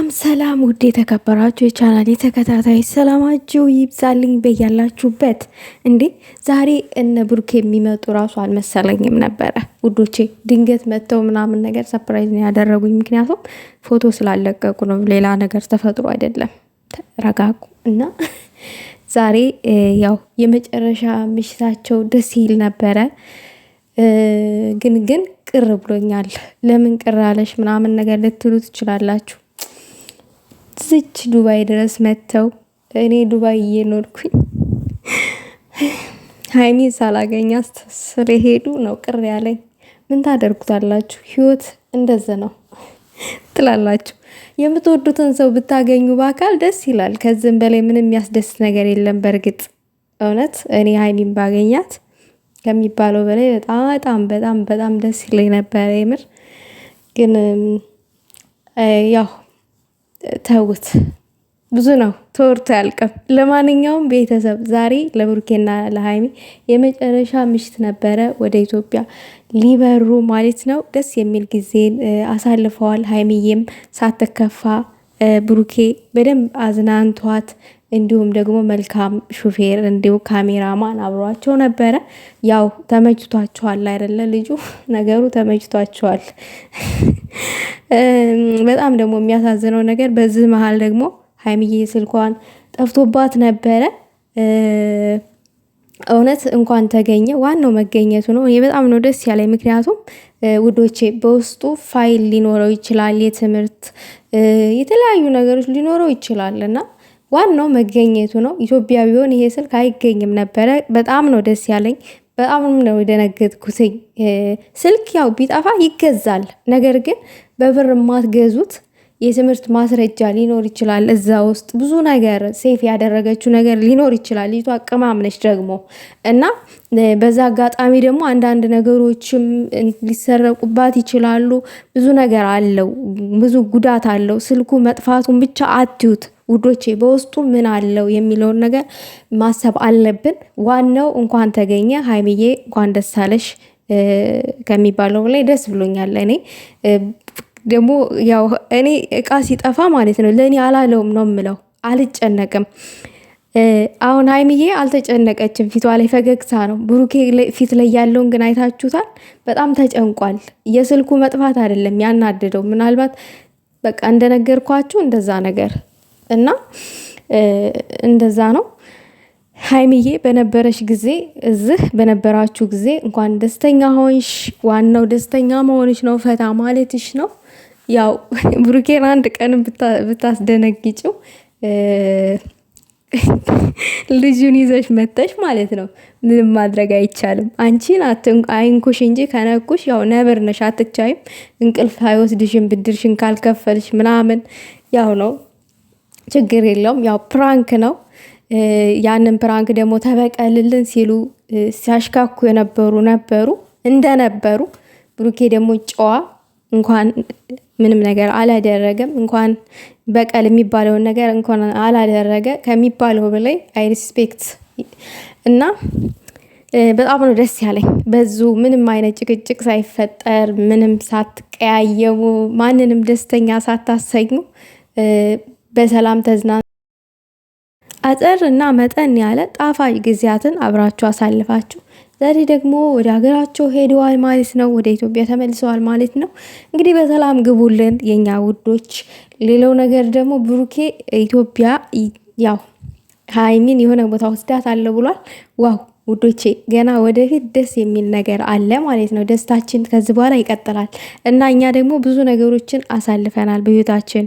ሰላም ሰላም ውድ የተከበራችሁ የቻናል የተከታታይ ሰላማችሁ ይብዛልኝ በያላችሁበት። እንዴ ዛሬ እነ ብሩክ የሚመጡ ራሱ አልመሰለኝም ነበረ ውዶቼ። ድንገት መጥተው ምናምን ነገር ሰፕራይዝ ነው ያደረጉኝ። ምክንያቱም ፎቶ ስላለቀቁ ነው፣ ሌላ ነገር ተፈጥሮ አይደለም። ተረጋጉ እና ዛሬ ያው የመጨረሻ ምሽታቸው ደስ ይል ነበረ ግን ግን ቅር ብሎኛል። ለምን ቅር አለሽ ምናምን ነገር ልትሉ ትችላላችሁ። እዚች ዱባይ ድረስ መጥተው እኔ ዱባይ እየኖርኩኝ ሀይሚ ሳላገኝ አስተስር የሄዱ ነው ቅር ያለኝ። ምን ታደርጉታላችሁ? ህይወት እንደዚ ነው ትላላችሁ። የምትወዱትን ሰው ብታገኙ በአካል ደስ ይላል። ከዚህም በላይ ምንም የሚያስደስት ነገር የለም። በእርግጥ እውነት እኔ ሀይሚን ባገኛት ከሚባለው በላይ በጣም በጣም በጣም ደስ ይለኝ ነበር የምር ግን ያው ተውት፣ ብዙ ነው ተወርቶ ያልቅም። ለማንኛውም ቤተሰብ ዛሬ ለብሩኬና ለሀይሚ የመጨረሻ ምሽት ነበረ። ወደ ኢትዮጵያ ሊበሩ ማለት ነው። ደስ የሚል ጊዜን አሳልፈዋል። ሀይሚዬም ሳትከፋ ብሩኬ በደንብ አዝናንቷት እንዲሁም ደግሞ መልካም ሹፌር እንዲሁ ካሜራማን አብሯቸው ነበረ። ያው ተመችቷቸዋል አይደለ? ልጁ ነገሩ ተመችቷቸዋል። በጣም ደግሞ የሚያሳዝነው ነገር በዚህ መሀል ደግሞ ሀይሚዬ ስልኳን ጠፍቶባት ነበረ። እውነት እንኳን ተገኘ። ዋናው መገኘቱ ነው። እኔ በጣም ነው ደስ ያለኝ። ምክንያቱም ውዶቼ በውስጡ ፋይል ሊኖረው ይችላል፣ የትምህርት የተለያዩ ነገሮች ሊኖረው ይችላል እና ዋናው መገኘቱ ነው። ኢትዮጵያ ቢሆን ይሄ ስልክ አይገኝም ነበረ። በጣም ነው ደስ ያለኝ። በጣም ነው የደነገጥኩትኝ። ስልክ ያው ቢጠፋ ይገዛል። ነገር ግን በብር ማትገዙት የትምህርት ማስረጃ ሊኖር ይችላል። እዛ ውስጥ ብዙ ነገር ሴፍ ያደረገችው ነገር ሊኖር ይችላል። ልጅቷ ቅማም ነች ደግሞ እና በዛ አጋጣሚ ደግሞ አንዳንድ ነገሮችም ሊሰረቁባት ይችላሉ። ብዙ ነገር አለው፣ ብዙ ጉዳት አለው። ስልኩ መጥፋቱን ብቻ አትዩት። ውዶቼ በውስጡ ምን አለው የሚለውን ነገር ማሰብ አለብን። ዋናው እንኳን ተገኘ ሀይሚዬ እንኳን ደስ አለሽ ከሚባለው ላይ ደስ ብሎኛል። እኔ ደግሞ ያው እኔ እቃ ሲጠፋ ማለት ነው ለእኔ አላለውም ነው የምለው፣ አልጨነቅም። አሁን ሀይሚዬ አልተጨነቀችም። ፊቷ ላይ ፈገግታ ነው። ብሩኬ ፊት ላይ ያለውን ግን አይታችሁታል። በጣም ተጨንቋል። የስልኩ መጥፋት አይደለም ያናደደው፣ ምናልባት በቃ እንደነገርኳችሁ እንደዛ ነገር እና እንደዛ ነው። ሀይሚዬ በነበረሽ ጊዜ እዚህ በነበራችሁ ጊዜ እንኳን ደስተኛ ሆንሽ። ዋናው ደስተኛ መሆንሽ ነው፣ ፈታ ማለትሽ ነው። ያው ብሩኬን አንድ ቀን ብታስደነግጭው ልጁን ይዘሽ መተሽ ማለት ነው። ምንም ማድረግ አይቻልም። አንቺን አይንኩሽ እንጂ ከነኩሽ ያው ነብር ነሽ፣ አትቻይም። እንቅልፍ አይወስድሽም፣ ብድርሽን ካልከፈልሽ ምናምን ያው ነው። ችግር የለውም። ያው ፕራንክ ነው። ያንን ፕራንክ ደግሞ ተበቀልልን ሲሉ ሲያሽካኩ የነበሩ ነበሩ እንደነበሩ። ብሩኬ ደግሞ ጨዋ እንኳን ምንም ነገር አላደረገም። እንኳን በቀል የሚባለውን ነገር እንኳን አላደረገ ከሚባለው በላይ አይ ሪስፔክት እና በጣም ነው ደስ ያለኝ። በዙ ምንም አይነት ጭቅጭቅ ሳይፈጠር ምንም ሳትቀያየሙ ማንንም ደስተኛ ሳታሰኙ በሰላም ተዝናኑ። አጠር እና መጠን ያለ ጣፋጭ ጊዜያትን አብራችሁ አሳልፋችሁ ዛሬ ደግሞ ወደ ሀገራቸው ሄደዋል ማለት ነው። ወደ ኢትዮጵያ ተመልሰዋል ማለት ነው። እንግዲህ በሰላም ግቡልን የኛ ውዶች። ሌላው ነገር ደግሞ ብሩኬ ኢትዮጵያ ያው ሀይሚን የሆነ ቦታ ወስዳት አለ ብሏል። ዋው ውዶቼ ገና ወደፊት ደስ የሚል ነገር አለ ማለት ነው። ደስታችን ከዚህ በኋላ ይቀጥላል እና እኛ ደግሞ ብዙ ነገሮችን አሳልፈናል በህይወታችን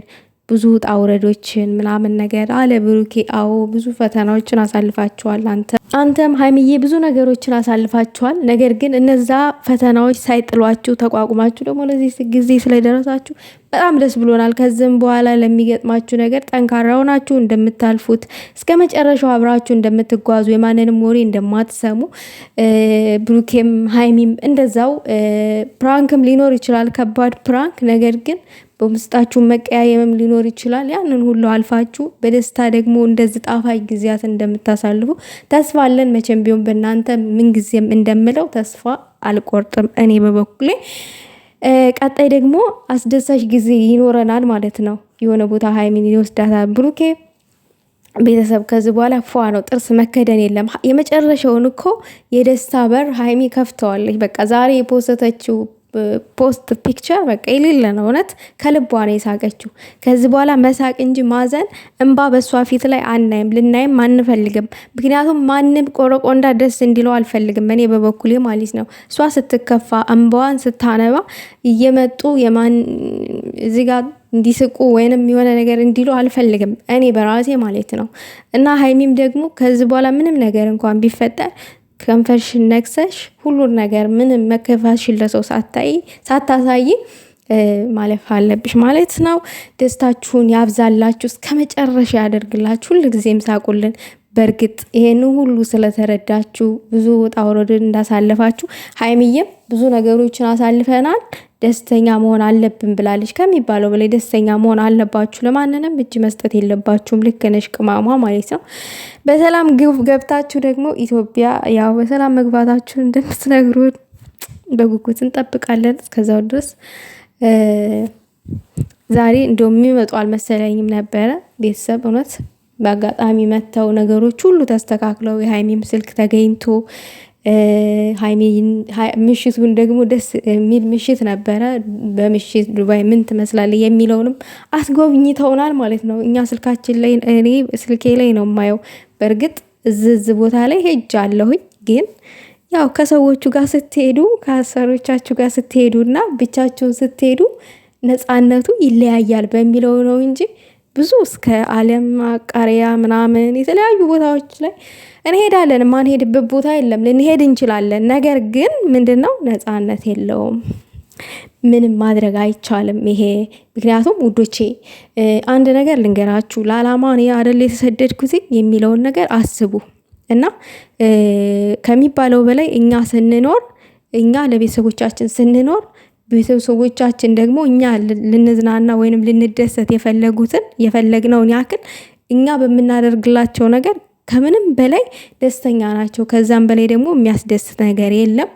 ብዙ ውጣ ውረዶችን ምናምን ነገር አለ ብሩኬ። አዎ ብዙ ፈተናዎችን አሳልፋችኋል። አንተ አንተም ሀይምዬ ብዙ ነገሮችን አሳልፋችኋል። ነገር ግን እነዛ ፈተናዎች ሳይጥሏችሁ ተቋቁማችሁ ደግሞ ለዚህ ጊዜ ስለደረሳችሁ በጣም ደስ ብሎናል። ከዚህም በኋላ ለሚገጥማችሁ ነገር ጠንካራ ሆናችሁ እንደምታልፉት እስከ መጨረሻው አብራችሁ እንደምትጓዙ የማንንም ወሬ እንደማትሰሙ ብሩኬም ሀይሚም እንደዛው። ፕራንክም ሊኖር ይችላል ከባድ ፕራንክ ነገር ግን በውስጣችሁ መቀያየምም ሊኖር ይችላል። ያንን ሁሉ አልፋችሁ በደስታ ደግሞ እንደዚህ ጣፋጭ ጊዜያት እንደምታሳልፉ ተስፋ አለን። መቼም ቢሆን በእናንተ ምንጊዜም እንደምለው ተስፋ አልቆርጥም እኔ በበኩሌ። ቀጣይ ደግሞ አስደሳች ጊዜ ይኖረናል ማለት ነው። የሆነ ቦታ ሀይሚን ይወስዳታል ብሩኬ ቤተሰብ ከዚህ በኋላ ፏ ነው። ጥርስ መከደን የለም። የመጨረሻውን እኮ የደስታ በር ሀይሚ ከፍተዋለች። በቃ ዛሬ የፖሰተችው ፖስት ፒክቸር በቃ የሌለ ነው። እውነት ከልቧ ነው የሳቀችው። ከዚህ በኋላ መሳቅ እንጂ ማዘን፣ እንባ በእሷ ፊት ላይ አናይም፣ ልናይም አንፈልግም። ምክንያቱም ማንም ቆረቆንዳ ደስ እንዲለው አልፈልግም፣ እኔ በበኩሌ ማለት ነው። እሷ ስትከፋ እንባዋን ስታነባ እየመጡ የማን እንዲስቁ ወይንም የሆነ ነገር እንዲሉ አልፈልግም፣ እኔ በራሴ ማለት ነው። እና ሀይሚም ደግሞ ከዚህ በኋላ ምንም ነገር እንኳን ቢፈጠር ከንፈርሽን ነክሰሽ ሁሉን ነገር ምንም መከፋትሽን ለሰው ሳታሳይ ማለፍ አለብሽ ማለት ነው። ደስታችሁን ያብዛላችሁ፣ እስከ መጨረሻ ያደርግላችሁ፣ ሁልጊዜም ሳቁልን። በእርግጥ ይሄን ሁሉ ስለተረዳችሁ ብዙ ውጣ ውረድን እንዳሳለፋችሁ፣ ሀይሚዬም ብዙ ነገሮችን አሳልፈናል። ደስተኛ መሆን አለብን ብላለች። ከሚባለው በላይ ደስተኛ መሆን አለባችሁ። ለማንንም እጅ መስጠት የለባችሁም። ልክ ነሽ ቅማሟ ማለት ነው። በሰላም ገብታችሁ ደግሞ ኢትዮጵያ ያው በሰላም መግባታችሁ እንደምትነግሩን በጉጉት እንጠብቃለን። እስከዛው ድረስ ዛሬ እንደው የሚመጡ አልመሰለኝም ነበረ ቤተሰብ እውነት በአጋጣሚ መጥተው ነገሮች ሁሉ ተስተካክለው የሀይሚም ስልክ ተገኝቶ ምሽቱን ደግሞ ደስ የሚል ምሽት ነበረ። በምሽት ዱባይ ምን ትመስላለች የሚለውንም አስጎብኝተውናል ማለት ነው። እኛ ስልካችን ላይ እኔ ስልኬ ላይ ነው የማየው። በእርግጥ እዝዝ ቦታ ላይ ሄጅ አለሁኝ ግን ያው ከሰዎቹ ጋር ስትሄዱ ከአሰሪዎቻችሁ ጋር ስትሄዱ እና ብቻችሁን ስትሄዱ ነፃነቱ ይለያያል በሚለው ነው እንጂ ብዙ እስከ አለም አቃሪያ ምናምን የተለያዩ ቦታዎች ላይ እንሄዳለን። የማንሄድበት ቦታ የለም። ልንሄድ እንችላለን። ነገር ግን ምንድን ነው ነፃነት የለውም። ምንም ማድረግ አይቻልም። ይሄ ምክንያቱም ውዶቼ አንድ ነገር ልንገራችሁ፣ ለዓላማ እኔ አይደል የተሰደድኩት የሚለውን ነገር አስቡ እና ከሚባለው በላይ እኛ ስንኖር እኛ ለቤተሰቦቻችን ስንኖር ቤተሰቦቻችን ደግሞ እኛ ልንዝናና ወይንም ልንደሰት የፈለጉትን የፈለግነውን ያክል እኛ በምናደርግላቸው ነገር ከምንም በላይ ደስተኛ ናቸው። ከዛም በላይ ደግሞ የሚያስደስት ነገር የለም።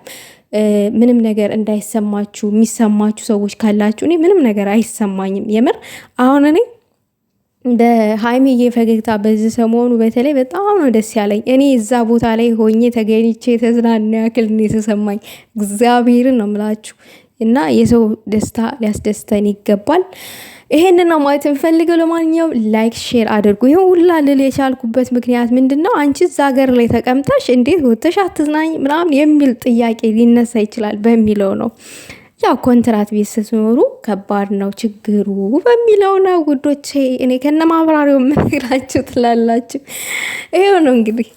ምንም ነገር እንዳይሰማችሁ የሚሰማችሁ ሰዎች ካላችሁ እኔ ምንም ነገር አይሰማኝም። የምር አሁን እኔ በሀይሚዬ ፈገግታ በዚህ ሰሞኑ በተለይ በጣም ነው ደስ ያለኝ። እኔ እዛ ቦታ ላይ ሆኜ ተገኝቼ የተዝናና ያክል የተሰማኝ እግዚአብሔርን ነው የምላችሁ። እና የሰው ደስታ ሊያስደስተን ይገባል። ይሄንን ነው ማለት የምፈልገው። ለማንኛውም ላይክ፣ ሼር አድርጉ። ይሄ ሁላ ልል የቻልኩበት ምክንያት ምንድን ነው? አንቺ እዛ ሀገር ላይ ተቀምጠሽ እንዴት ወተሽ አትዝናኝ ምናምን የሚል ጥያቄ ሊነሳ ይችላል በሚለው ነው። ያው ኮንትራት ቤት ስትኖሩ ከባድ ነው ችግሩ በሚለው ነው ውዶቼ። እኔ ከነ ማብራሪያው ምን ትላላችሁ? ይሄው ነው እንግዲህ